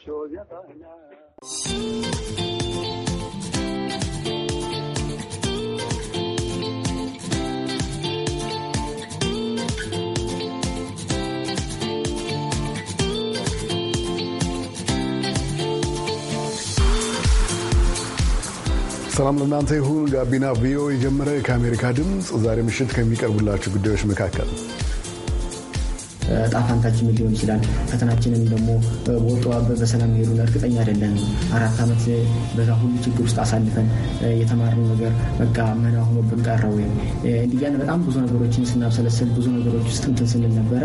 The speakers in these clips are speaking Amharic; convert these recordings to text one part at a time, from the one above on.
ሰላም ለእናንተ ይሁን። ጋቢና ቪኦኤ የጀመረ ከአሜሪካ ድምፅ ዛሬ ምሽት ከሚቀርቡላችሁ ጉዳዮች መካከል ጣፋንታችን ሊሆን ይችላል፣ ፈተናችንን ደግሞ በወጡ በሰላም መሄዱን እርግጠኛ አይደለንም። አራት ዓመት በዛ ሁሉ ችግር ውስጥ አሳልፈን የተማርነው ነገር በቃ መና ሆኖብን ቀረ ወይም እንዲያን በጣም ብዙ ነገሮችን ስናብሰለስል ብዙ ነገሮች ውስጥ እንትን ስንል ነበረ።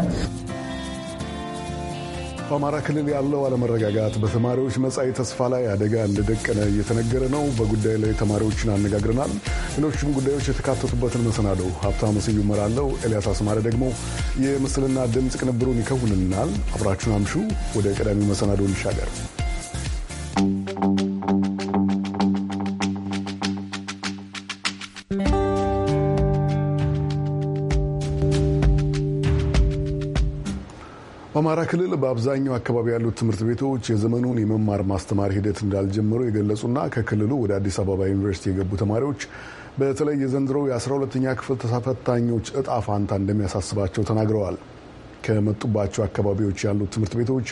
በአማራ ክልል ያለው አለመረጋጋት በተማሪዎች መጻኢ ተስፋ ላይ አደጋ እንደደቀነ እየተነገረ ነው። በጉዳዩ ላይ ተማሪዎችን አነጋግረናል። ሌሎችም ጉዳዮች የተካተቱበትን መሰናዶ ሀብታሙ ስዩም እመራለሁ። ኤልያስ አስማረ ደግሞ የምስልና ድምፅ ቅንብሩን ይከውንልናል። አብራችሁን አምሹ። ወደ ቀዳሚው መሰናዶ እንሻገር። በአማራ ክልል በአብዛኛው አካባቢ ያሉት ትምህርት ቤቶች የዘመኑን የመማር ማስተማር ሂደት እንዳልጀመሩ የገለጹና ከክልሉ ወደ አዲስ አበባ ዩኒቨርሲቲ የገቡ ተማሪዎች በተለይ የዘንድሮ የ12ኛ ክፍል ተፈታኞች እጣ ፋንታ እንደሚያሳስባቸው ተናግረዋል። ከመጡባቸው አካባቢዎች ያሉት ትምህርት ቤቶች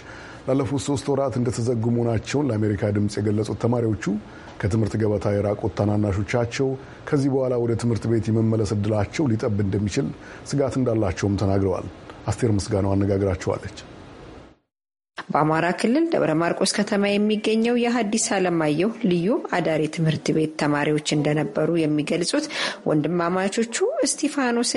ላለፉት ሶስት ወራት እንደተዘጉ መሆናቸውን ለአሜሪካ ድምፅ የገለጹት ተማሪዎቹ ከትምህርት ገበታ የራቁት ታናናሾቻቸው ከዚህ በኋላ ወደ ትምህርት ቤት የመመለስ እድላቸው ሊጠብ እንደሚችል ስጋት እንዳላቸውም ተናግረዋል። አስቴር ምስጋናው አነጋግራቸዋለች። በአማራ ክልል ደብረ ማርቆስ ከተማ የሚገኘው የሀዲስ ዓለማየሁ ልዩ አዳሪ ትምህርት ቤት ተማሪዎች እንደነበሩ የሚገልጹት ወንድማማቾቹ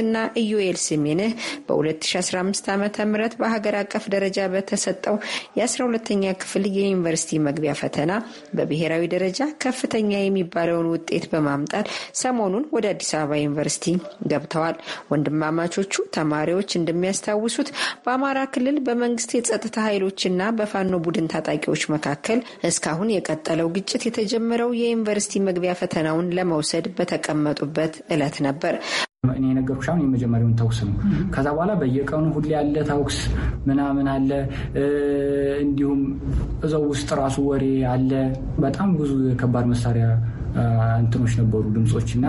እና ኢዩኤል ስሜንህ በ2015 ዓ ም በሀገር አቀፍ ደረጃ በተሰጠው የ12ኛ ክፍል የዩኒቨርሲቲ መግቢያ ፈተና በብሔራዊ ደረጃ ከፍተኛ የሚባለውን ውጤት በማምጣት ሰሞኑን ወደ አዲስ አበባ ዩኒቨርሲቲ ገብተዋል። ወንድማማቾቹ ተማሪዎች እንደሚያስታውሱት በአማራ ክልል በመንግስት የጸጥታ ኃይሎች እና በፋኖ ቡድን ታጣቂዎች መካከል እስካሁን የቀጠለው ግጭት የተጀመረው የዩኒቨርሲቲ መግቢያ ፈተናውን ለመውሰድ በተቀመጡበት እለት ነበር። እኔ የነገርኩሽ አሁን የመጀመሪያውን ተኩስ ነው። ከዛ በኋላ በየቀኑ ሁሌ ያለ ተኩስ ምናምን አለ። እንዲሁም እዛው ውስጥ ራሱ ወሬ አለ። በጣም ብዙ የከባድ መሳሪያ እንትኖች ነበሩ ድምፆች እና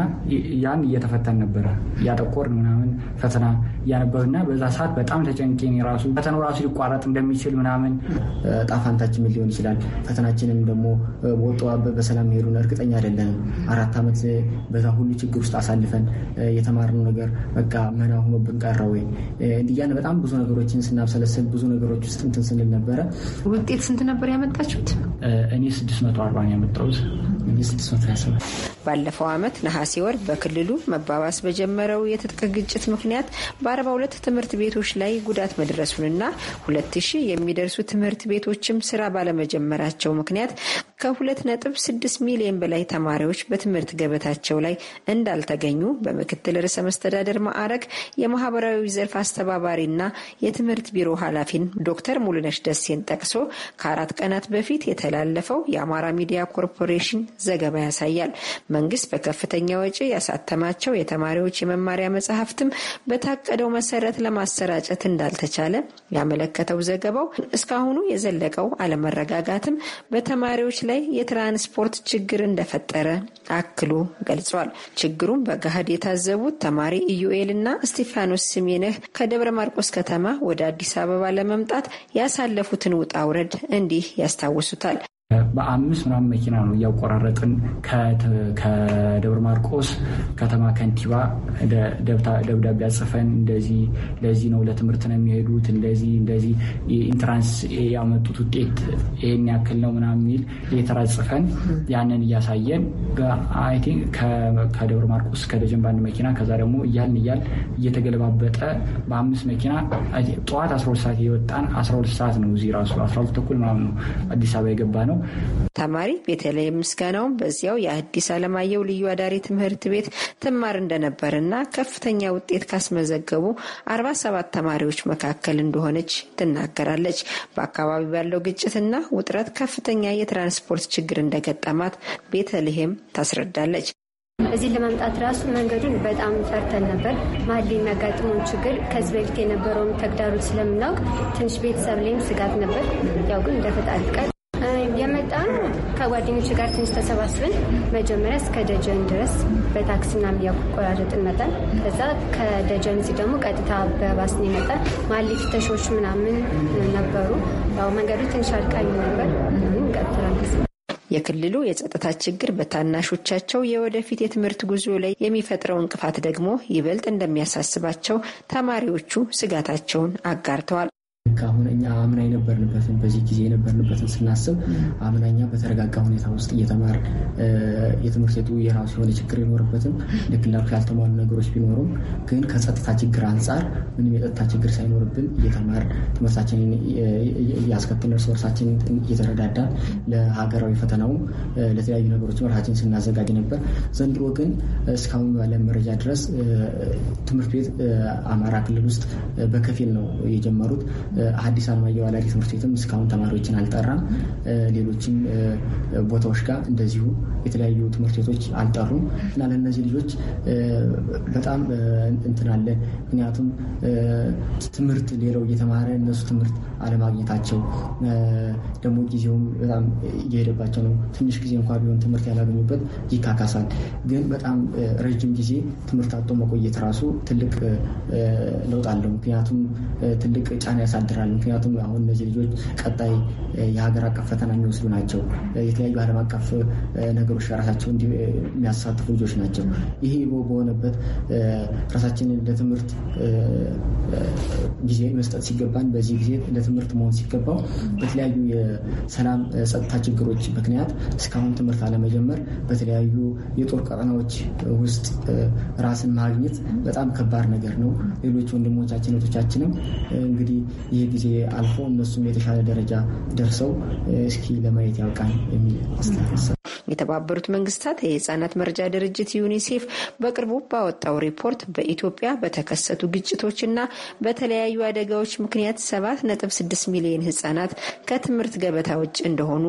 ያን እየተፈተን ነበረ እያጠቆርን ምናምን ፈተና እያነበብና በዛ ሰዓት በጣም ተጨንቄ ራሱ ፈተናው ራሱ ሊቋረጥ እንደሚችል ምናምን ጣፋንታችን ምን ሊሆን ይችላል ፈተናችንም ደግሞ ወጥዋ በሰላም መሄዱን እርግጠኛ አይደለንም። አራት ዓመት በዛ ሁሉ ችግር ውስጥ አሳልፈን የተማርነው ነገር በቃ መና ሆኖብን ቀረ ወይ እንዲያን በጣም ብዙ ነገሮችን ስናብሰለሰል ብዙ ነገሮች ውስጥ እንትን ስንል ነበረ። ውጤት ስንት ነበር ያመጣችሁት? እኔ ስድስት መቶ አርባ ስድስት መቶ ስምንት ባለፈው ዓመት ነሐሴ ወር በክልሉ መባባስ በጀመረው የትጥቅ ግጭት ምክንያት በ42 ትምህርት ቤቶች ላይ ጉዳት መድረሱንና 2000 የሚደርሱ ትምህርት ቤቶችም ስራ ባለመጀመራቸው ምክንያት ከ2.6 ሚሊዮን በላይ ተማሪዎች በትምህርት ገበታቸው ላይ እንዳልተገኙ በምክትል ርዕሰ መስተዳደር ማዕረግ የማህበራዊ ዘርፍ አስተባባሪና የትምህርት ቢሮ ኃላፊን ዶክተር ሙሉነሽ ደሴን ጠቅሶ ከአራት ቀናት በፊት የተላለፈው የአማራ ሚዲያ ኮርፖሬሽን ዘገባ ያሳያል። መንግስት በከፍተኛ ወጪ ያሳተማቸው የተማሪዎች የመማሪያ መጽሐፍትም በታቀደው መሰረት ለማሰራጨት እንዳልተቻለ ያመለከተው ዘገባው እስካሁኑ የዘለቀው አለመረጋጋትም በተማሪዎች ላይ የትራንስፖርት ችግር እንደፈጠረ አክሎ ገልጿል። ችግሩም በገሃድ የታዘቡት ተማሪ ኢዩኤል እና እስጢፋኖስ ስሜነህ ከደብረ ማርቆስ ከተማ ወደ አዲስ አበባ ለመምጣት ያሳለፉትን ውጣ ውረድ እንዲህ ያስታውሱታል። በአምስት ምናምን መኪና ነው እያቆራረጥን ከደብረ ማርቆስ ከተማ ከንቲባ ደብዳቤ አጽፈን እንደዚህ ለዚህ ነው ለትምህርት ነው የሚሄዱት እንደዚህ እንደዚህ ኢንትራንስ ያመጡት ውጤት ይህን ያክል ነው ምናምን የሚል ሌተር አጽፈን ያንን እያሳየን አይ ቲንክ ከደብረ ማርቆስ ከደጀን በአንድ መኪና ከዛ ደግሞ እያልን እያል እየተገለባበጠ በአምስት መኪና ጠዋት ሁለት ሰዓት የወጣን ሁለት ሰዓት ነው እዚህ ራሱ 12 ተኩል ምናምን ነው አዲስ አበባ የገባ ነው። ተማሪ ቤተለይ ምስጋናውን በዚያው የአዲስ አለማየሁ ልዩ አዳሪ ትምህርት ቤት ትማር እንደነበርና ከፍተኛ ውጤት ካስመዘገቡ ሰባት ተማሪዎች መካከል እንደሆነች ትናገራለች። በአካባቢው ያለው ግጭትና ውጥረት ከፍተኛ የትራንስፖርት ችግር እንደገጠማት ቤተልሔም ታስረዳለች። እዚህ ለመምጣት ራሱ መንገዱን በጣም ፈርተን ነበር። መሀል ላይ የሚያጋጥመውን ችግር ከዚህ በፊት የነበረውን ተግዳሮት ስለምናውቅ ትንሽ ቤተሰብ ላይም ስጋት ነበር። ያው ግን እንደፈጣሪ ፈቃድ የወጣን ከጓደኞች ጋር ትንሽ ተሰባስበን መጀመሪያ እስከ ደጀን ድረስ በታክሲና እያቆራረጥን መጠን ከዛ ከደጀን እዚህ ደግሞ ቀጥታ በባስን መጣን። ማሊ ፍተሾች ምናምን ነበሩ። ያው መንገዱ ትንሽ አድካሚ ነበር። ቀጥላል የክልሉ የጸጥታ ችግር በታናሾቻቸው የወደፊት የትምህርት ጉዞ ላይ የሚፈጥረው እንቅፋት ደግሞ ይበልጥ እንደሚያሳስባቸው ተማሪዎቹ ስጋታቸውን አጋርተዋል። አሁን እኛ አምና የነበርንበትን በዚህ ጊዜ የነበርንበትን ስናስብ አምናኛ በተረጋጋ ሁኔታ ውስጥ እየተማር የትምህርት ቤቱ የራሱ የሆነ ችግር የኖርበትም ልክ እንዳልኩ ያልተሟሉ ነገሮች ቢኖሩም ግን ከጸጥታ ችግር አንጻር ምንም የጸጥታ ችግር ሳይኖርብን እየተማር ትምህርታችንን እያስከትል እርስ በርሳችን እየተረዳዳን ለሀገራዊ ፈተናውም ለተለያዩ ነገሮች ራሳችን ስናዘጋጅ ነበር። ዘንድሮ ግን እስካሁን ባለ መረጃ ድረስ ትምህርት ቤት አማራ ክልል ውስጥ በከፊል ነው የጀመሩት። አዲስ ዓለማየሁ አላሪ ትምህርት ቤትም እስካሁን ተማሪዎችን አልጠራም። ሌሎችም ቦታዎች ጋር እንደዚሁ የተለያዩ ትምህርት ቤቶች አልጠሩም እና ለእነዚህ ልጆች በጣም እንትናለን። ምክንያቱም ትምህርት ሌላው እየተማረ እነሱ ትምህርት አለማግኘታቸው ደግሞ ጊዜውም በጣም እየሄደባቸው ነው። ትንሽ ጊዜ እንኳ ቢሆን ትምህርት ያላገኙበት ይካካሳል። ግን በጣም ረጅም ጊዜ ትምህርት አጥቶ መቆየት ራሱ ትልቅ ለውጥ አለው። ምክንያቱም ትልቅ ጫና ያሳል ያሳድራል። ምክንያቱም አሁን እነዚህ ልጆች ቀጣይ የሀገር አቀፍ ፈተና የሚወስዱ ናቸው። የተለያዩ ዓለም አቀፍ ነገሮች ራሳቸው የሚያሳትፉ ልጆች ናቸው። ይሄ በሆነበት ራሳችንን ለትምህርት ጊዜ መስጠት ሲገባን በዚህ ጊዜ ለትምህርት መሆን ሲገባው በተለያዩ የሰላም ጸጥታ ችግሮች ምክንያት እስካሁን ትምህርት አለመጀመር በተለያዩ የጦር ቀጠናዎች ውስጥ ራስን ማግኘት በጣም ከባድ ነገር ነው። ሌሎች ወንድሞቻችን እህቶቻችንም እንግዲህ ይህ ጊዜ አልፎ እነሱም የተሻለ ደረጃ ደርሰው እስኪ ለማየት ያውቃል የሚል አስተሳሰብ የተባበሩት መንግስታት የህጻናት መረጃ ድርጅት ዩኒሴፍ በቅርቡ ባወጣው ሪፖርት በኢትዮጵያ በተከሰቱ ግጭቶችና በተለያዩ አደጋዎች ምክንያት ሰባት ነጥ6 ሚሊዮን ህጻናት ከትምህርት ገበታ ውጭ እንደሆኑ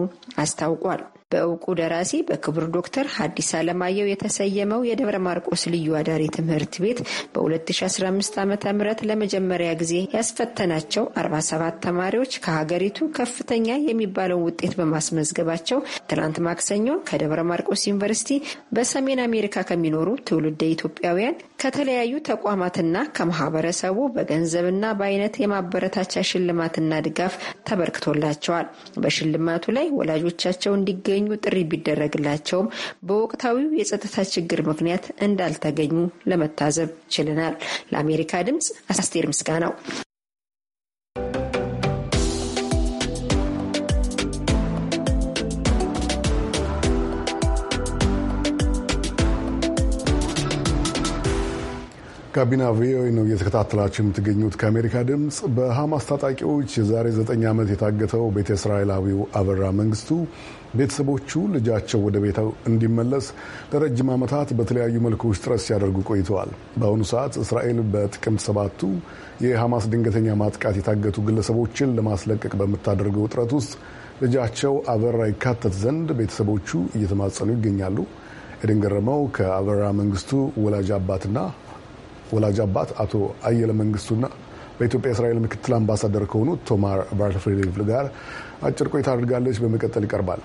አስታውቋል። በእውቁ ደራሲ በክቡር ዶክተር ሀዲስ አለማየሁ የተሰየመው የደብረ ማርቆስ ልዩ አዳሪ ትምህርት ቤት በ2015 ዓ ም ለመጀመሪያ ጊዜ ያስፈተናቸው 47 ተማሪዎች ከሀገሪቱ ከፍተኛ የሚባለውን ውጤት በማስመዝገባቸው ትናንት ማክሰኞ ከደብረ ማርቆስ ዩኒቨርሲቲ በሰሜን አሜሪካ ከሚኖሩ ትውልደ ኢትዮጵያውያን ከተለያዩ ተቋማትና ከማህበረሰቡ በገንዘብና በአይነት የማበረታቻ ሽልማትና ድጋፍ ተበርክቶላቸዋል። በሽልማቱ ላይ ወላጆቻቸው እንዲገኙ እንዲገኙ ጥሪ ቢደረግላቸውም በወቅታዊው የጸጥታ ችግር ምክንያት እንዳልተገኙ ለመታዘብ ችለናል። ለአሜሪካ ድምፅ አስቴር ምስጋናው። ጋቢና ቪኦኤ ነው እየተከታተላችሁ የምትገኙት ከአሜሪካ ድምፅ። በሐማስ ታጣቂዎች የዛሬ ዘጠኝ ዓመት የታገተው ቤተ እስራኤላዊው አበራ መንግስቱ ቤተሰቦቹ ልጃቸው ወደ ቤታው እንዲመለስ ለረጅም ዓመታት በተለያዩ መልኮች ጥረት ሲያደርጉ ቆይተዋል። በአሁኑ ሰዓት እስራኤል በጥቅምት ሰባቱ የሐማስ ድንገተኛ ማጥቃት የታገቱ ግለሰቦችን ለማስለቀቅ በምታደርገው ጥረት ውስጥ ልጃቸው አበራ ይካተት ዘንድ ቤተሰቦቹ እየተማጸኑ ይገኛሉ። ኤደን ገረመው ከአበራ መንግስቱ ወላጅ አባትና ወላጅ አባት አቶ አየለ መንግስቱና በኢትዮጵያ እስራኤል ምክትል አምባሳደር ከሆኑት ቶማር ባርትፍሌቭ ጋር አጭር ቆይታ አድርጋለች። በመቀጠል ይቀርባል።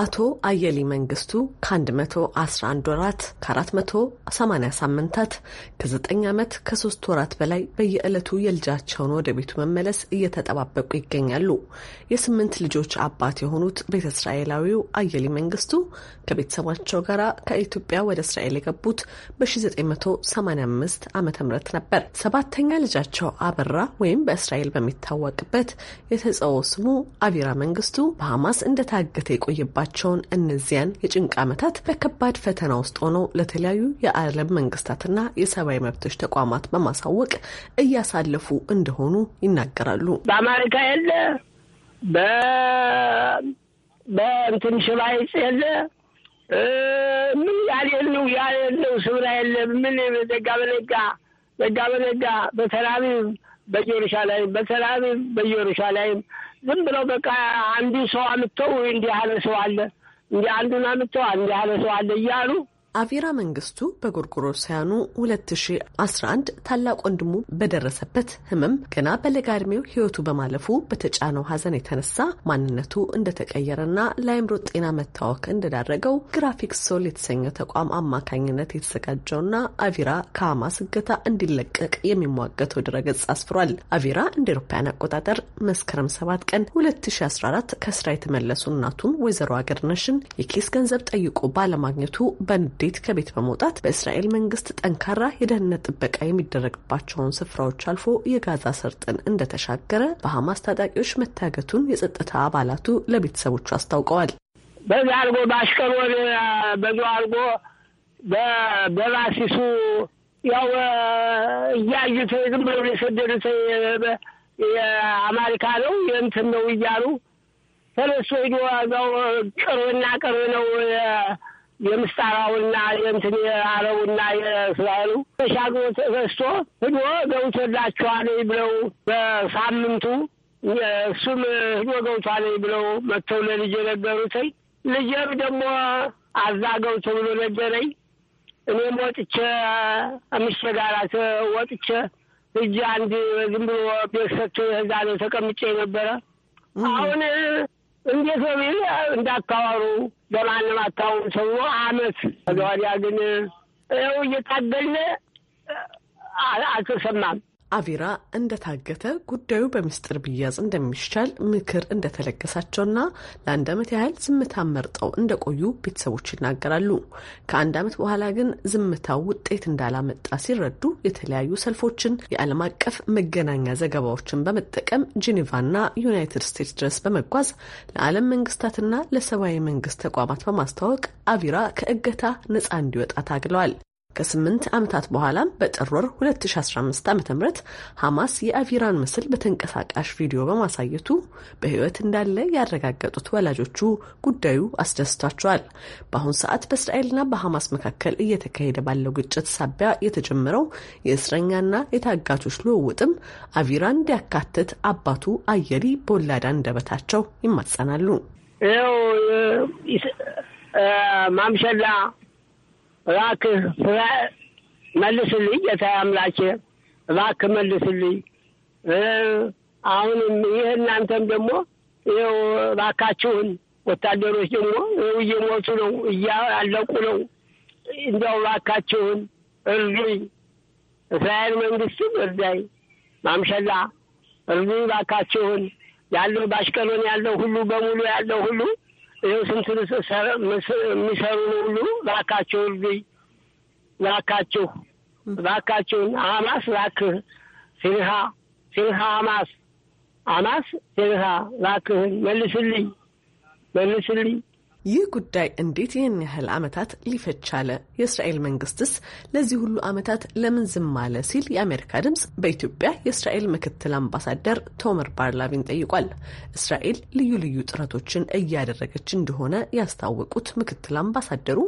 አቶ አየሊ መንግስቱ ከ111 ወራት ከ480 ሳምንታት ከ9 ዓመት ከ3 ወራት በላይ በየዕለቱ የልጃቸውን ወደ ቤቱ መመለስ እየተጠባበቁ ይገኛሉ። የስምንት ልጆች አባት የሆኑት ቤተ እስራኤላዊው አየሊ መንግስቱ ከቤተሰባቸው ጋር ከኢትዮጵያ ወደ እስራኤል የገቡት በ1985 ዓ ም ነበር። ሰባተኛ ልጃቸው አበራ ወይም በእስራኤል በሚታወቅበት የተጸውዖ ስሙ አቪራ መንግስቱ በሐማስ እንደታገተ የቆየባቸው ያለፈባቸውን እነዚያን የጭንቅ ዓመታት በከባድ ፈተና ውስጥ ሆኖ ለተለያዩ የዓለም መንግስታትና የሰብአዊ መብቶች ተቋማት በማሳወቅ እያሳለፉ እንደሆኑ ይናገራሉ። በአማሪካ የለ በእንትን ሽባይጽ የለ ምን ያሌለው ያሌለው ስብራ የለ ምን በነጋ በነጋ በነጋ በተራቢብ በየሩሻላይም በተራቢብ በየሩሻላይም ዝም ብለው በቃ አንዱ ሰው አምጥተው እንዲህ ያለ ሰው አለ እንዲህ አንዱን አምጥተው እንዲህ ያለ ሰው አለ እያሉ አቪራ መንግስቱ በጎርጎሮሳውያኑ 2011 ታላቅ ወንድሙ በደረሰበት ህመም ገና በለጋ እድሜው ህይወቱ በማለፉ በተጫነው ሀዘን የተነሳ ማንነቱ እንደተቀየረና ለአይምሮ ጤና መታወክ እንደዳረገው ግራፊክ ሶል የተሰኘ ተቋም አማካኝነት የተዘጋጀውና አቪራ ከሐማስ እገታ እንዲለቀቅ የሚሟገተው ድረገጽ አስፍሯል። አቪራ እንደ አውሮፓውያን አቆጣጠር መስከረም 7 ቀን 2014 ከስራ የተመለሱ እናቱን ወይዘሮ አገርነሽን የኬስ ገንዘብ ጠይቆ ባለማግኘቱ በንድ በንዴት ከቤት በመውጣት በእስራኤል መንግስት ጠንካራ የደህንነት ጥበቃ የሚደረግባቸውን ስፍራዎች አልፎ የጋዛ ሰርጥን እንደተሻገረ በሐማስ ታጣቂዎች መታገቱን የጸጥታ አባላቱ ለቤተሰቦቹ አስታውቀዋል። በዛ አልጎ በአሽከር ወደ በዛ አልጎ በባሲሱ ያው እያዩት ዝም ብለው የሰደዱት የአማሪካ ነው የእንትን ነው እያሉ ተነሱ ሄዶ እዛው ቅርብና ቅርብ ነው የምስጣራውና የእንትን የአረቡና የእስራኤሉ ተሻግ ተገዝቶ ህዶ ገብቶላችኋል ብለው በሳምንቱ እሱም ህዶ ገብቷል ብለው መጥተው ለልጅ ነገሩትኝ። ልጄም ደግሞ አዛ ገብቶ ብሎ ነገረኝ። እኔም ወጥቼ አምስቴ ጋራት ወጥቼ እጅ አንድ ዝም ብሎ ቤት ሰጥቶ ህዛ ነው ተቀምጬ ነበረ። አሁን እንዴት ነው ቢል እንዳታወሩ ለማንም አታወሩ ተብሎ አመት ከዚያ ወዲያ ግን ይኸው እየታገልን አልተሰማም። አቪራ እንደታገተ ጉዳዩ በምስጢር ቢያዝ እንደሚሻል ምክር እንደተለገሳቸውና ለአንድ ዓመት ያህል ዝምታ መርጠው እንደቆዩ ቤተሰቦች ይናገራሉ። ከአንድ ዓመት በኋላ ግን ዝምታው ውጤት እንዳላመጣ ሲረዱ የተለያዩ ሰልፎችን፣ የዓለም አቀፍ መገናኛ ዘገባዎችን በመጠቀም ጄኔቫና ዩናይትድ ስቴትስ ድረስ በመጓዝ ለዓለም መንግስታትና ለሰብአዊ መንግስት ተቋማት በማስተዋወቅ አቪራ ከእገታ ነጻ እንዲወጣ ታግለዋል። ከስምንት ዓመታት በኋላም በጥር ወር 2015 ዓ ም ሐማስ የአቪራን ምስል በተንቀሳቃሽ ቪዲዮ በማሳየቱ በሕይወት እንዳለ ያረጋገጡት ወላጆቹ ጉዳዩ አስደስቷቸዋል። በአሁኑ ሰዓት በእስራኤልና በሐማስ መካከል እየተካሄደ ባለው ግጭት ሳቢያ የተጀመረው የእስረኛና የታጋቾች ልውውጥም አቪራን እንዲያካትት አባቱ አየሊ በወላዳ እንደበታቸው ይማጸናሉ። ማምሸላ እባክህ መልስልኝ፣ ጌታ አምላኬ እባክህ መልስልኝ። አሁንም ይህ እናንተም ደግሞ ይኸው እባካችሁን ወታደሮች ደግሞ እየሞቱ ነው፣ እያለቁ ነው። እንዲያው እባካችሁን እርዱኝ፣ እስራኤል መንግስትም እርዳይ፣ ማምሸላ እርዱኝ እባካችሁን። ያለው ባሽቀሎን ያለው ሁሉ በሙሉ ያለው ሁሉ ይኸው ስንት የሚሰሩ ነው ሁሉ እባካችሁ እርዱኝ፣ እባካችሁ እባካችሁን አማስ እባክህ ፊንሃ ፊንሃ አማስ አማስ ፊንሃ እባክህን መልስልኝ መልስልኝ ይህ ጉዳይ እንዴት ይህን ያህል ዓመታት ሊፈች አለ? የእስራኤል መንግስትስ ለዚህ ሁሉ ዓመታት ለምን ዝም አለ? ሲል የአሜሪካ ድምፅ በኢትዮጵያ የእስራኤል ምክትል አምባሳደር ቶመር ባርላቪን ጠይቋል። እስራኤል ልዩ ልዩ ጥረቶችን እያደረገች እንደሆነ ያስታወቁት ምክትል አምባሳደሩ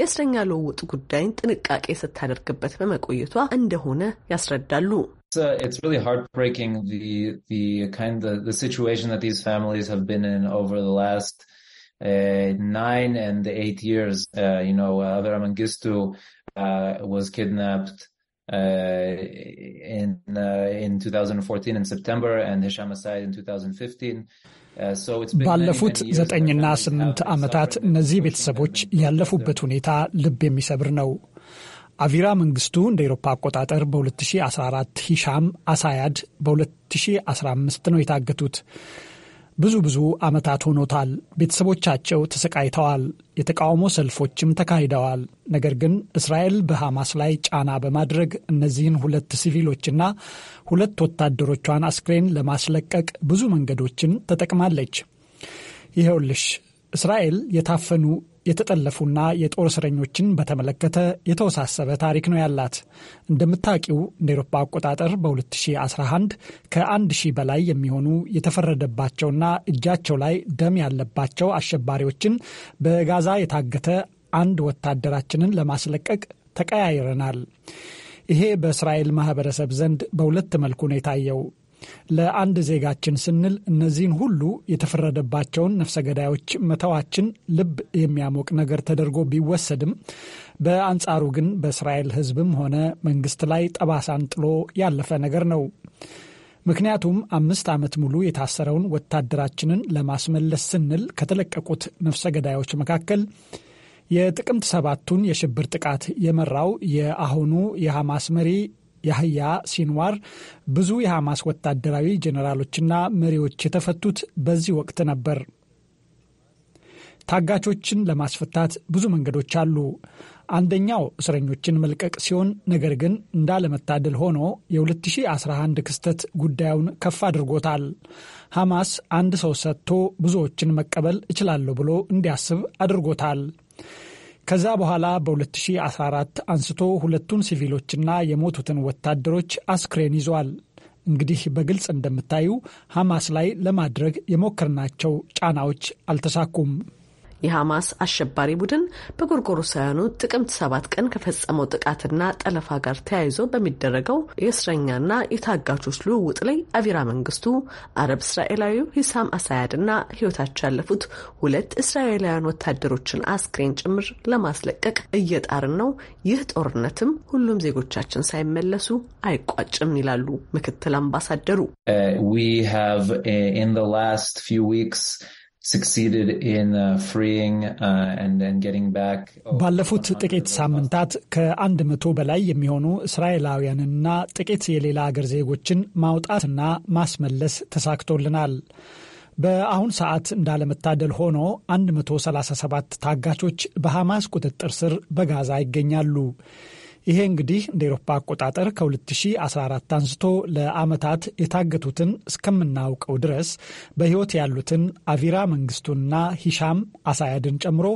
የእስረኛ ልውውጥ ጉዳይን ጥንቃቄ ስታደርግበት በመቆየቷ እንደሆነ ያስረዳሉ። It's really heartbreaking the the kind of the situation that these families have been in over the last uh, nine and eight years. uh, you know, Avera Mengistu was kidnapped uh, in uh, in 2014 in September and Hisham Asayid in 2015. ባለፉት ዘጠኝና ስምንት ዓመታት እነዚህ ቤተሰቦች ያለፉበት ሁኔታ ልብ የሚሰብር ነው። አቪራ መንግስቱ እንደ ኤሮፓ አቆጣጠር በ2014፣ ሂሻም አሳያድ በ2015 ነው የታገቱት። ብዙ ብዙ ዓመታት ሆኖታል። ቤተሰቦቻቸው ተሰቃይተዋል። የተቃውሞ ሰልፎችም ተካሂደዋል። ነገር ግን እስራኤል በሐማስ ላይ ጫና በማድረግ እነዚህን ሁለት ሲቪሎችና ሁለት ወታደሮቿን አስክሬን ለማስለቀቅ ብዙ መንገዶችን ተጠቅማለች። ይኸውልሽ እስራኤል የታፈኑ የተጠለፉና የጦር እስረኞችን በተመለከተ የተወሳሰበ ታሪክ ነው ያላት። እንደምታውቂው እንደ ኤሮፓ አቆጣጠር በ2011 ከ ሺህ በላይ የሚሆኑ የተፈረደባቸውና እጃቸው ላይ ደም ያለባቸው አሸባሪዎችን በጋዛ የታገተ አንድ ወታደራችንን ለማስለቀቅ ተቀያይረናል። ይሄ በእስራኤል ማህበረሰብ ዘንድ በሁለት መልኩ ነው የታየው። ለአንድ ዜጋችን ስንል እነዚህን ሁሉ የተፈረደባቸውን ነፍሰ ገዳዮች መተዋችን ልብ የሚያሞቅ ነገር ተደርጎ ቢወሰድም በአንጻሩ ግን በእስራኤል ሕዝብም ሆነ መንግስት ላይ ጠባሳን ጥሎ ያለፈ ነገር ነው። ምክንያቱም አምስት ዓመት ሙሉ የታሰረውን ወታደራችንን ለማስመለስ ስንል ከተለቀቁት ነፍሰ ገዳዮች መካከል የጥቅምት ሰባቱን የሽብር ጥቃት የመራው የአሁኑ የሐማስ መሪ ያህያ ሲንዋር ብዙ የሐማስ ወታደራዊ ጄኔራሎችና መሪዎች የተፈቱት በዚህ ወቅት ነበር። ታጋቾችን ለማስፈታት ብዙ መንገዶች አሉ። አንደኛው እስረኞችን መልቀቅ ሲሆን ነገር ግን እንዳለመታደል ሆኖ የ2011 ክስተት ጉዳዩን ከፍ አድርጎታል። ሐማስ አንድ ሰው ሰጥቶ ብዙዎችን መቀበል እችላለሁ ብሎ እንዲያስብ አድርጎታል። ከዛ በኋላ በ2014 አንስቶ ሁለቱን ሲቪሎችና የሞቱትን ወታደሮች አስክሬን ይዟል። እንግዲህ በግልጽ እንደምታዩ ሐማስ ላይ ለማድረግ የሞከርናቸው ጫናዎች አልተሳኩም። የሐማስ አሸባሪ ቡድን በጎርጎሮሳውያኑ ጥቅምት ሰባት ቀን ከፈጸመው ጥቃትና ጠለፋ ጋር ተያይዞ በሚደረገው የእስረኛና የታጋቾች ልውውጥ ላይ አቪራ መንግስቱ፣ አረብ እስራኤላዊው ሂሳም አሳያድ እና ህይወታቸው ያለፉት ሁለት እስራኤላውያን ወታደሮችን አስክሬን ጭምር ለማስለቀቅ እየጣርን ነው። ይህ ጦርነትም ሁሉም ዜጎቻችን ሳይመለሱ አይቋጭም ይላሉ ምክትል አምባሳደሩ። uh, Uh, uh, ባለፉት ጥቂት ሳምንታት ከአንድ መቶ በላይ የሚሆኑ እስራኤላውያንና ጥቂት የሌላ አገር ዜጎችን ማውጣትና ማስመለስ ተሳክቶልናል። በአሁን ሰዓት እንዳለመታደል ሆኖ 137 ታጋቾች በሐማስ ቁጥጥር ስር በጋዛ ይገኛሉ። ይሄ እንግዲህ እንደ ኤሮፓ አቆጣጠር ከ2014 አንስቶ ለአመታት የታገቱትን እስከምናውቀው ድረስ በህይወት ያሉትን አቪራ መንግስቱንና ሂሻም አሳያድን ጨምሮ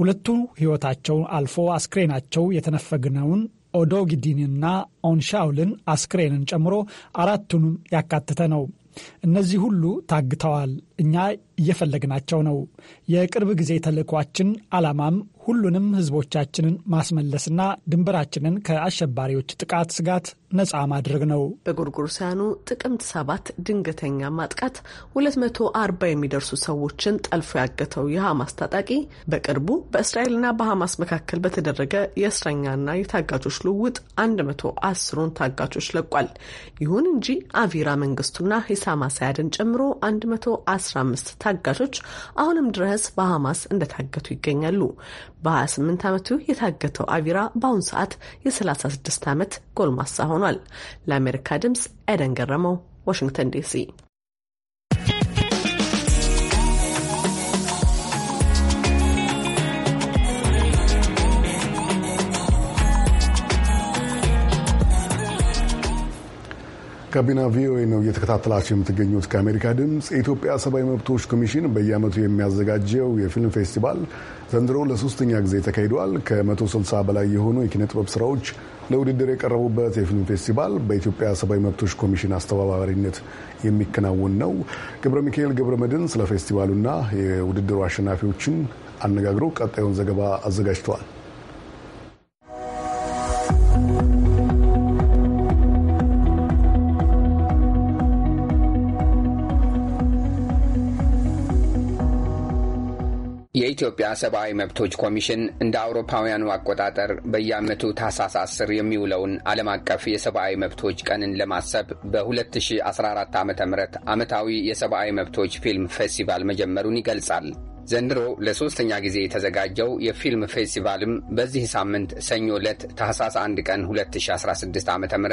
ሁለቱ ህይወታቸው አልፎ አስክሬናቸው የተነፈግነውን ኦዶጊዲንና ኦንሻውልን አስክሬንን ጨምሮ አራቱንም ያካተተ ነው። እነዚህ ሁሉ ታግተዋል። እኛ እየፈለግናቸው ነው። የቅርብ ጊዜ ተልእኳችን ዓላማም ሁሉንም ህዝቦቻችንን ማስመለስና ድንበራችንን ከአሸባሪዎች ጥቃት ስጋት ነጻ ማድረግ ነው። በጎርጎሮሳውያኑ ጥቅምት ሰባት ድንገተኛ ማጥቃት 240 የሚደርሱ ሰዎችን ጠልፎ ያገተው የሐማስ ታጣቂ በቅርቡ በእስራኤልና በሐማስ መካከል በተደረገ የእስረኛና የታጋቾች ልውውጥ 110ን ታጋቾች ለቋል። ይሁን እንጂ አቪራ መንግስቱና ሂሳማ ሳያድን ጨምሮ 115 ታጋቾች አሁንም ድረስ በሐማስ እንደታገቱ ይገኛሉ። በ28 ዓመቱ የታገተው አቪራ በአሁኑ ሰዓት የ36 ዓመት ጎልማሳ ሆኗል። ለአሜሪካ ድምፅ ኤደን ገረመው፣ ዋሽንግተን ዲሲ። ጋቢና ቪኦኤ ነው እየተከታተላቸው የምትገኙት። ከአሜሪካ ድምፅ የኢትዮጵያ ሰብአዊ መብቶች ኮሚሽን በየዓመቱ የሚያዘጋጀው የፊልም ፌስቲቫል ዘንድሮ ለሶስተኛ ጊዜ ተካሂደዋል። ከ160 በላይ የሆኑ የኪነ ጥበብ ስራዎች ለውድድር የቀረቡበት የፊልም ፌስቲቫል በኢትዮጵያ ሰብአዊ መብቶች ኮሚሽን አስተባባሪነት የሚከናወን ነው። ገብረ ሚካኤል ገብረ መድን ስለ ፌስቲቫሉና የውድድሩ አሸናፊዎችን አነጋግሮ ቀጣዩን ዘገባ አዘጋጅተዋል። የኢትዮጵያ ሰብአዊ መብቶች ኮሚሽን እንደ አውሮፓውያኑ አቆጣጠር በየዓመቱ ታህሳስ 10 የሚውለውን ዓለም አቀፍ የሰብአዊ መብቶች ቀንን ለማሰብ በ2014 ዓ ም ዓመታዊ የሰብአዊ መብቶች ፊልም ፌስቲቫል መጀመሩን ይገልጻል። ዘንድሮ ለሶስተኛ ጊዜ የተዘጋጀው የፊልም ፌስቲቫልም በዚህ ሳምንት ሰኞ ዕለት ታህሳስ 1 ቀን 2016 ዓ ም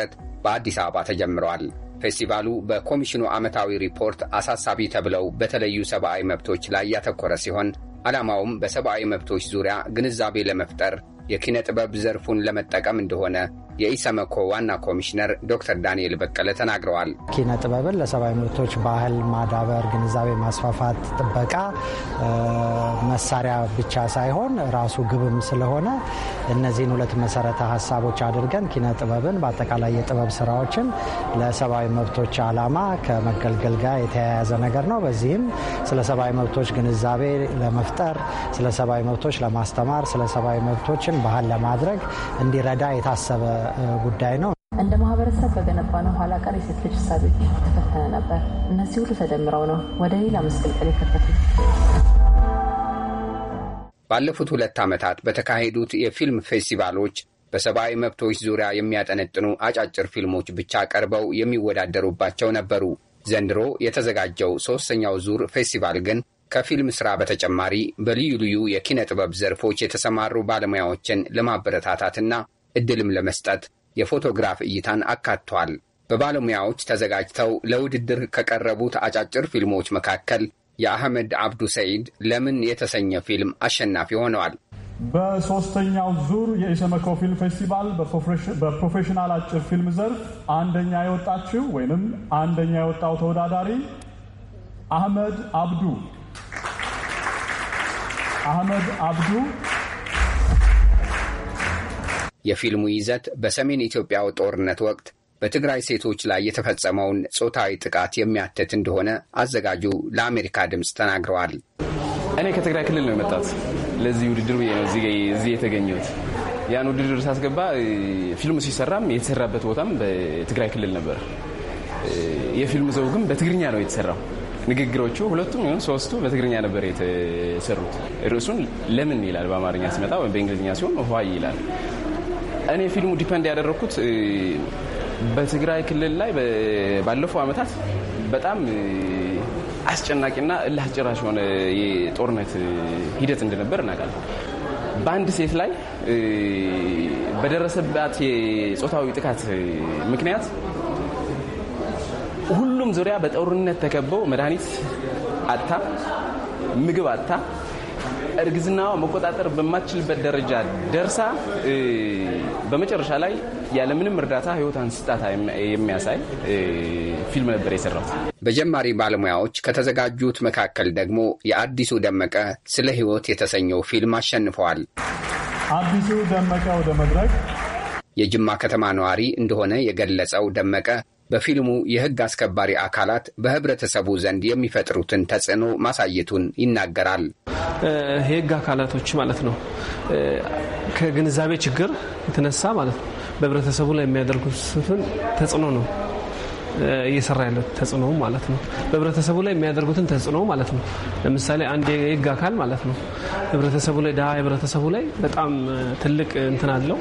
በአዲስ አበባ ተጀምረዋል። ፌስቲቫሉ በኮሚሽኑ ዓመታዊ ሪፖርት አሳሳቢ ተብለው በተለዩ ሰብአዊ መብቶች ላይ ያተኮረ ሲሆን ዓላማውም በሰብአዊ መብቶች ዙሪያ ግንዛቤ ለመፍጠር የኪነ ጥበብ ዘርፉን ለመጠቀም እንደሆነ የኢሰመኮ ዋና ኮሚሽነር ዶክተር ዳንኤል በቀለ ተናግረዋል። ኪነ ጥበብን ለሰብአዊ መብቶች ባህል ማዳበር፣ ግንዛቤ ማስፋፋት፣ ጥበቃ መሳሪያ ብቻ ሳይሆን ራሱ ግብም ስለሆነ እነዚህን ሁለት መሰረተ ሀሳቦች አድርገን ኪነ ጥበብን በአጠቃላይ የጥበብ ስራዎችን ለሰብአዊ መብቶች አላማ ከመገልገል ጋር የተያያዘ ነገር ነው። በዚህም ስለ ሰብአዊ መብቶች ግንዛቤ ለመፍጠር፣ ስለ ሰብአዊ መብቶች ለማስተማር፣ ስለ ሰብአዊ መብቶችን ባህል ለማድረግ እንዲረዳ የታሰበ ጉዳይ ነው። እንደ ማህበረሰብ በገነባነው ኋላ ቀር የሴት ልጅ እሳቤዎች ተፈተነ ነበር። እነዚህ ሁሉ ተደምረው ነው ወደ ሌላ ምስቅልቅል የከተቱት። ባለፉት ሁለት ዓመታት በተካሄዱት የፊልም ፌስቲቫሎች በሰብአዊ መብቶች ዙሪያ የሚያጠነጥኑ አጫጭር ፊልሞች ብቻ ቀርበው የሚወዳደሩባቸው ነበሩ። ዘንድሮ የተዘጋጀው ሦስተኛው ዙር ፌስቲቫል ግን ከፊልም ሥራ በተጨማሪ በልዩ ልዩ የኪነ ጥበብ ዘርፎች የተሰማሩ ባለሙያዎችን ለማበረታታትና እድልም ለመስጠት የፎቶግራፍ እይታን አካቷል። በባለሙያዎች ተዘጋጅተው ለውድድር ከቀረቡት አጫጭር ፊልሞች መካከል የአህመድ አብዱ ሰይድ ለምን የተሰኘ ፊልም አሸናፊ ሆነዋል። በሶስተኛው ዙር የኢሰመኮ ፊልም ፌስቲቫል በፕሮፌሽናል አጭር ፊልም ዘርፍ አንደኛ የወጣችው ወይም አንደኛ የወጣው ተወዳዳሪ አህመድ አብዱ አህመድ አብዱ የፊልሙ ይዘት በሰሜን ኢትዮጵያው ጦርነት ወቅት በትግራይ ሴቶች ላይ የተፈጸመውን ጾታዊ ጥቃት የሚያትት እንደሆነ አዘጋጁ ለአሜሪካ ድምፅ ተናግረዋል። እኔ ከትግራይ ክልል ነው የመጣት ለዚህ ውድድር ብዬ ነው እዚህ የተገኘሁት። ያን ውድድር ሳስገባ ፊልሙ ሲሰራም የተሰራበት ቦታም በትግራይ ክልል ነበር። የፊልሙ ዘው ግን በትግርኛ ነው የተሰራው። ንግግሮቹ ሁለቱም ወይም ሶስቱ በትግርኛ ነበር የተሰሩት። ርዕሱን ለምን ይላል በአማርኛ ሲመጣ፣ በእንግሊዝኛ ሲሆን ውሃ ይላል። እኔ ፊልሙ ዲፐንድ ያደረግኩት በትግራይ ክልል ላይ ባለፈው ዓመታት በጣም አስጨናቂና እልህ አስጨራሽ የሆነ የጦርነት ሂደት እንደነበር እናውቃለን። በአንድ ሴት ላይ በደረሰባት የጾታዊ ጥቃት ምክንያት ሁሉም ዙሪያ በጦርነት ተከበው መድኃኒት አታ ምግብ አታ እርግዝናዋ መቆጣጠር በማትችልበት ደረጃ ደርሳ በመጨረሻ ላይ ያለምንም እርዳታ ህይወቷን ስጣታ የሚያሳይ ፊልም ነበር የሰራው። በጀማሪ ባለሙያዎች ከተዘጋጁት መካከል ደግሞ የአዲሱ ደመቀ ስለ ህይወት የተሰኘው ፊልም አሸንፈዋል። አዲሱ ደመቀ ወደ መድረክ የጅማ ከተማ ነዋሪ እንደሆነ የገለጸው ደመቀ በፊልሙ የህግ አስከባሪ አካላት በህብረተሰቡ ዘንድ የሚፈጥሩትን ተጽዕኖ ማሳየቱን ይናገራል። የህግ አካላቶች ማለት ነው ከግንዛቤ ችግር የተነሳ ማለት ነው በህብረተሰቡ ላይ የሚያደርጉትን ተጽዕኖ ነው እየሰራ ያለ ተጽዕኖ ማለት ነው። በህብረተሰቡ ላይ የሚያደርጉትን ተጽዕኖ ማለት ነው። ለምሳሌ አንድ የህግ አካል ማለት ነው ህብረተሰቡ ላይ ድሀ ህብረተሰቡ ላይ በጣም ትልቅ እንትን አለው።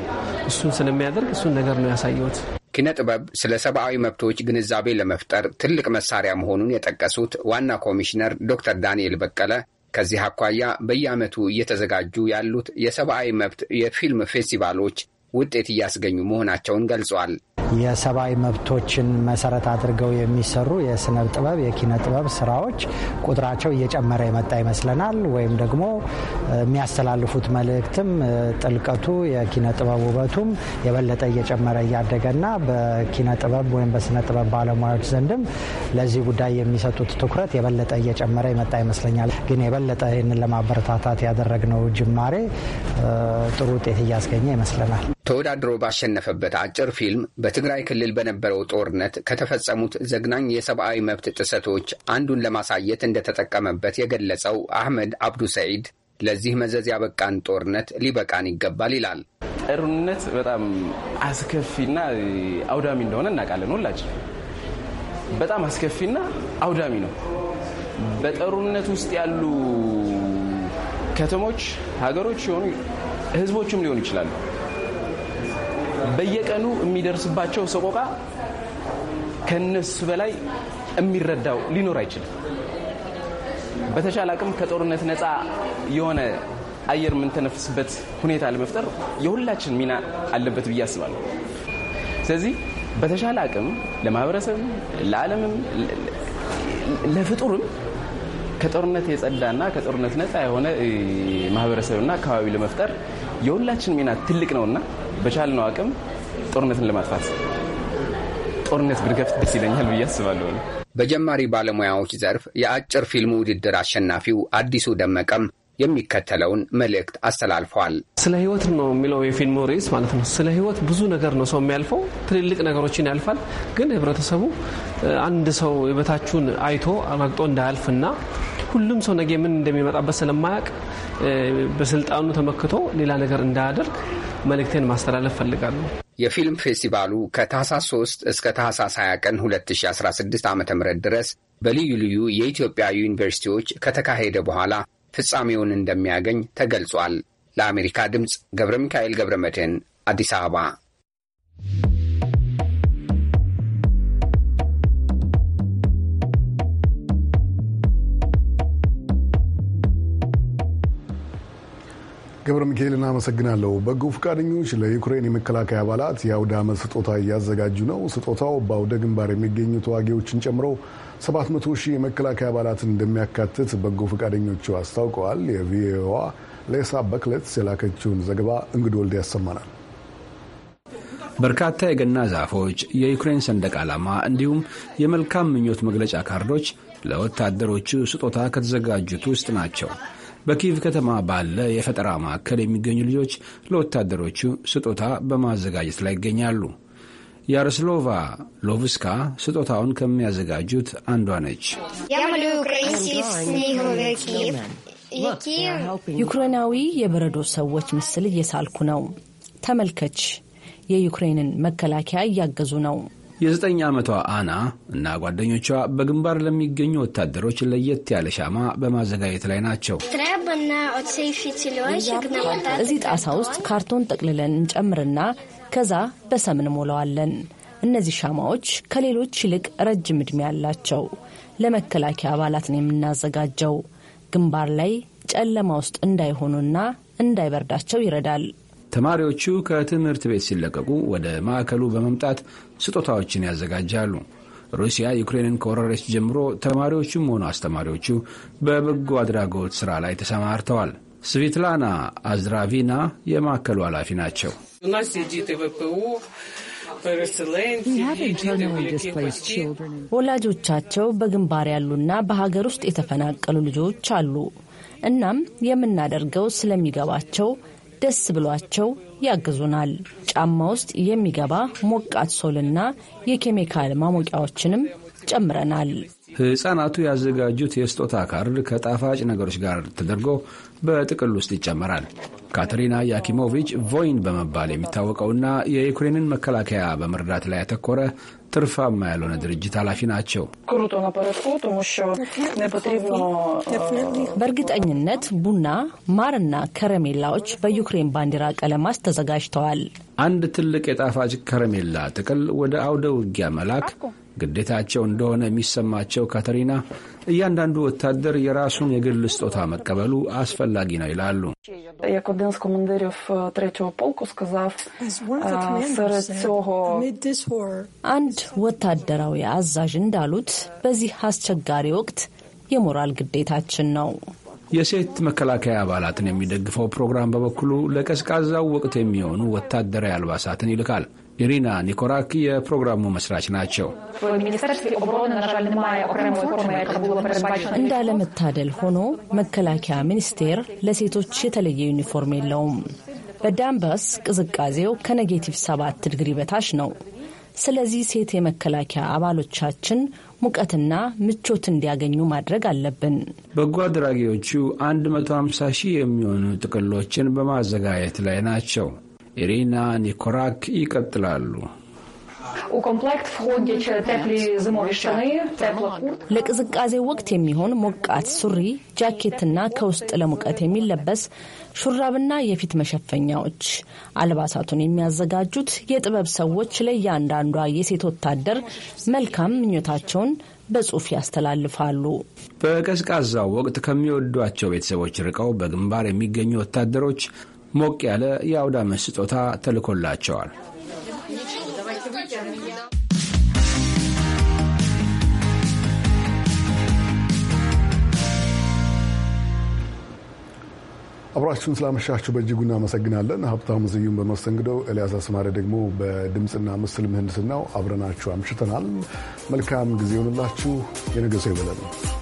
እሱን ስለሚያደርግ እሱን ነገር ነው ያሳየሁት። ኪነ ጥበብ ስለ ሰብአዊ መብቶች ግንዛቤ ለመፍጠር ትልቅ መሳሪያ መሆኑን የጠቀሱት ዋና ኮሚሽነር ዶክተር ዳንኤል በቀለ ከዚህ አኳያ በየዓመቱ እየተዘጋጁ ያሉት የሰብአዊ መብት የፊልም ፌስቲቫሎች ውጤት እያስገኙ መሆናቸውን ገልጿል። የሰብአዊ መብቶችን መሰረት አድርገው የሚሰሩ የስነ ጥበብ የኪነ ጥበብ ስራዎች ቁጥራቸው እየጨመረ የመጣ ይመስለናል። ወይም ደግሞ የሚያስተላልፉት መልእክትም ጥልቀቱ የኪነ ጥበብ ውበቱም የበለጠ እየጨመረ እያደገና በኪነ ጥበብ ወይም በስነ ጥበብ ባለሙያዎች ዘንድም ለዚህ ጉዳይ የሚሰጡት ትኩረት የበለጠ እየጨመረ ይመጣ ይመስለኛል። ግን የበለጠ ይህንን ለማበረታታት ያደረግነው ጅማሬ ጥሩ ውጤት እያስገኘ ይመስለናል። ተወዳድሮ ባሸነፈበት አጭር ፊልም በትግራይ ክልል በነበረው ጦርነት ከተፈጸሙት ዘግናኝ የሰብአዊ መብት ጥሰቶች አንዱን ለማሳየት እንደተጠቀመበት የገለጸው አህመድ አብዱ ሰዒድ ለዚህ መዘዝ ያበቃን ጦርነት ሊበቃን ይገባል ይላል። ጦርነት በጣም አስከፊና አውዳሚ እንደሆነ እናውቃለን። ሁላችን በጣም አስከፊና አውዳሚ ነው። በጦርነት ውስጥ ያሉ ከተሞች፣ ሀገሮች ሲሆኑ ህዝቦችም ሊሆኑ ይችላሉ በየቀኑ የሚደርስባቸው ሰቆቃ ከነሱ በላይ የሚረዳው ሊኖር አይችልም። በተሻለ አቅም ከጦርነት ነፃ የሆነ አየር የምንተነፍስበት ሁኔታ ለመፍጠር የሁላችን ሚና አለበት ብዬ አስባለሁ። ስለዚህ በተሻለ አቅም ለማህበረሰብ ለዓለምም፣ ለፍጡርም ከጦርነት የጸዳና ከጦርነት ነፃ የሆነ ማህበረሰብና አካባቢ ለመፍጠር የሁላችን ሚና ትልቅ ነውና በቻልነው አቅም ጦርነትን ለማጥፋት ጦርነት ብንከፍት ደስ ይለኛል ብዬ አስባለሁ። በጀማሪ ባለሙያዎች ዘርፍ የአጭር ፊልም ውድድር አሸናፊው አዲሱ ደመቀም የሚከተለውን መልእክት አስተላልፈዋል። ስለ ህይወት ነው የሚለው የፊልሙ ርዕስ ማለት ነው። ስለ ህይወት ብዙ ነገር ነው ሰው የሚያልፈው፣ ትልልቅ ነገሮችን ያልፋል። ግን ህብረተሰቡ አንድ ሰው የበታችሁን አይቶ አማግጦ እንዳያልፍና ሁሉም ሰው ነገ ምን እንደሚመጣበት ስለማያውቅ በስልጣኑ ተመክቶ ሌላ ነገር እንዳያደርግ መልእክቴን ማስተላለፍ ፈልጋለሁ። የፊልም ፌስቲቫሉ ከታህሳስ 3 እስከ ታህሳስ 20 ቀን 2016 ዓ ም ድረስ በልዩ ልዩ የኢትዮጵያ ዩኒቨርሲቲዎች ከተካሄደ በኋላ ፍጻሜውን እንደሚያገኝ ተገልጿል። ለአሜሪካ ድምፅ ገብረ ሚካኤል ገብረ መድህን አዲስ አበባ ገብረ ሚካኤል አመሰግናለሁ። በጎ ፈቃደኞች ለዩክሬን የመከላከያ አባላት የአውደ ዓመት ስጦታ እያዘጋጁ ነው። ስጦታው በአውደ ግንባር የሚገኙ ተዋጊዎችን ጨምሮ 700 ሺህ የመከላከያ አባላትን እንደሚያካትት በጎ ፈቃደኞቹ አስታውቀዋል። የቪኦኤዋ ሌሳ በክለት የላከችውን ዘገባ እንግድ ወልድ ያሰማናል። በርካታ የገና ዛፎች፣ የዩክሬን ሰንደቅ ዓላማ እንዲሁም የመልካም ምኞት መግለጫ ካርዶች ለወታደሮቹ ስጦታ ከተዘጋጁት ውስጥ ናቸው። በኪየቭ ከተማ ባለ የፈጠራ ማዕከል የሚገኙ ልጆች ለወታደሮቹ ስጦታ በማዘጋጀት ላይ ይገኛሉ። ያሮስሎቫ ሎቭስካ ስጦታውን ከሚያዘጋጁት አንዷ ነች። ዩክሬናዊ የበረዶ ሰዎች ምስል እየሳልኩ ነው። ተመልከች፣ የዩክሬንን መከላከያ እያገዙ ነው። የዘጠኝ ዓመቷ አና እና ጓደኞቿ በግንባር ለሚገኙ ወታደሮች ለየት ያለ ሻማ በማዘጋጀት ላይ ናቸው። እዚህ ጣሳ ውስጥ ካርቶን ጠቅልለን እንጨምርና ከዛ በሰም እንሞላዋለን። እነዚህ ሻማዎች ከሌሎች ይልቅ ረጅም ዕድሜ ያላቸው ለመከላከያ አባላት ነው የምናዘጋጀው። ግንባር ላይ ጨለማ ውስጥ እንዳይሆኑና እንዳይበርዳቸው ይረዳል። ተማሪዎቹ ከትምህርት ቤት ሲለቀቁ ወደ ማዕከሉ በመምጣት ስጦታዎችን ያዘጋጃሉ። ሩሲያ ዩክሬንን ከወረረች ጀምሮ ተማሪዎቹም ሆኑ አስተማሪዎቹ በበጎ አድራጎት ሥራ ላይ ተሰማርተዋል። ስቪትላና አዝራቪና የማዕከሉ ኃላፊ ናቸው። ወላጆቻቸው በግንባር ያሉና በሀገር ውስጥ የተፈናቀሉ ልጆች አሉ። እናም የምናደርገው ስለሚገባቸው ደስ ብሏቸው ያግዙናል። ጫማ ውስጥ የሚገባ ሞቃት ሶልና የኬሚካል ማሞቂያዎችንም ጨምረናል። ሕፃናቱ ያዘጋጁት የስጦታ ካርድ ከጣፋጭ ነገሮች ጋር ተደርጎ በጥቅል ውስጥ ይጨመራል። ካተሪና ያኪሞቪች ቮይን በመባል የሚታወቀውና የዩክሬንን መከላከያ በመርዳት ላይ ያተኮረ ትርፋማ ያልሆነ ድርጅት ኃላፊ ናቸው። በእርግጠኝነት ቡና፣ ማርና ከረሜላዎች በዩክሬን ባንዲራ ቀለማት ተዘጋጅተዋል። አንድ ትልቅ የጣፋጭ ከረሜላ ጥቅል ወደ አውደ ውጊያ መላክ ግዴታቸው እንደሆነ የሚሰማቸው ካተሪና እያንዳንዱ ወታደር የራሱን የግል ስጦታ መቀበሉ አስፈላጊ ነው ይላሉ። አንድ ወታደራዊ አዛዥ እንዳሉት በዚህ አስቸጋሪ ወቅት የሞራል ግዴታችን ነው። የሴት መከላከያ አባላትን የሚደግፈው ፕሮግራም በበኩሉ ለቀዝቃዛው ወቅት የሚሆኑ ወታደራዊ አልባሳትን ይልካል። ኢሪና ኒኮራክ የፕሮግራሙ መስራች ናቸው። እንዳለመታደል ሆኖ መከላከያ ሚኒስቴር ለሴቶች የተለየ ዩኒፎርም የለውም። በዳንበስ ቅዝቃዜው ከኔጌቲቭ ሰባት ድግሪ በታች ነው። ስለዚህ ሴት የመከላከያ አባሎቻችን ሙቀትና ምቾት እንዲያገኙ ማድረግ አለብን። በጎ አድራጊዎቹ 150 ሺህ የሚሆኑ ጥቅሎችን በማዘጋጀት ላይ ናቸው። ኢሪና ኒኮራክ ይቀጥላሉ። ለቅዝቃዜ ወቅት የሚሆን ሞቃት ሱሪ፣ ጃኬትና ከውስጥ ለሙቀት የሚለበስ ሹራብና የፊት መሸፈኛዎች። አልባሳቱን የሚያዘጋጁት የጥበብ ሰዎች ለእያንዳንዷ የሴት ወታደር መልካም ምኞታቸውን በጽሑፍ ያስተላልፋሉ። በቀዝቃዛው ወቅት ከሚወዷቸው ቤተሰቦች ርቀው በግንባር የሚገኙ ወታደሮች ሞቅ ያለ የአውደ ዓመት ስጦታ ተልኮላቸዋል። አብራችሁን ስላመሻችሁ በእጅጉ እናመሰግናለን። ሀብታሙ ስዩም በመስተንግዶው፣ ኤልያስ አስማሪ ደግሞ በድምፅና ምስል ምህንድስናው አብረናችሁ አምሽተናል። መልካም ጊዜ ይሆንላችሁ። የነገ ሰው ይበለን።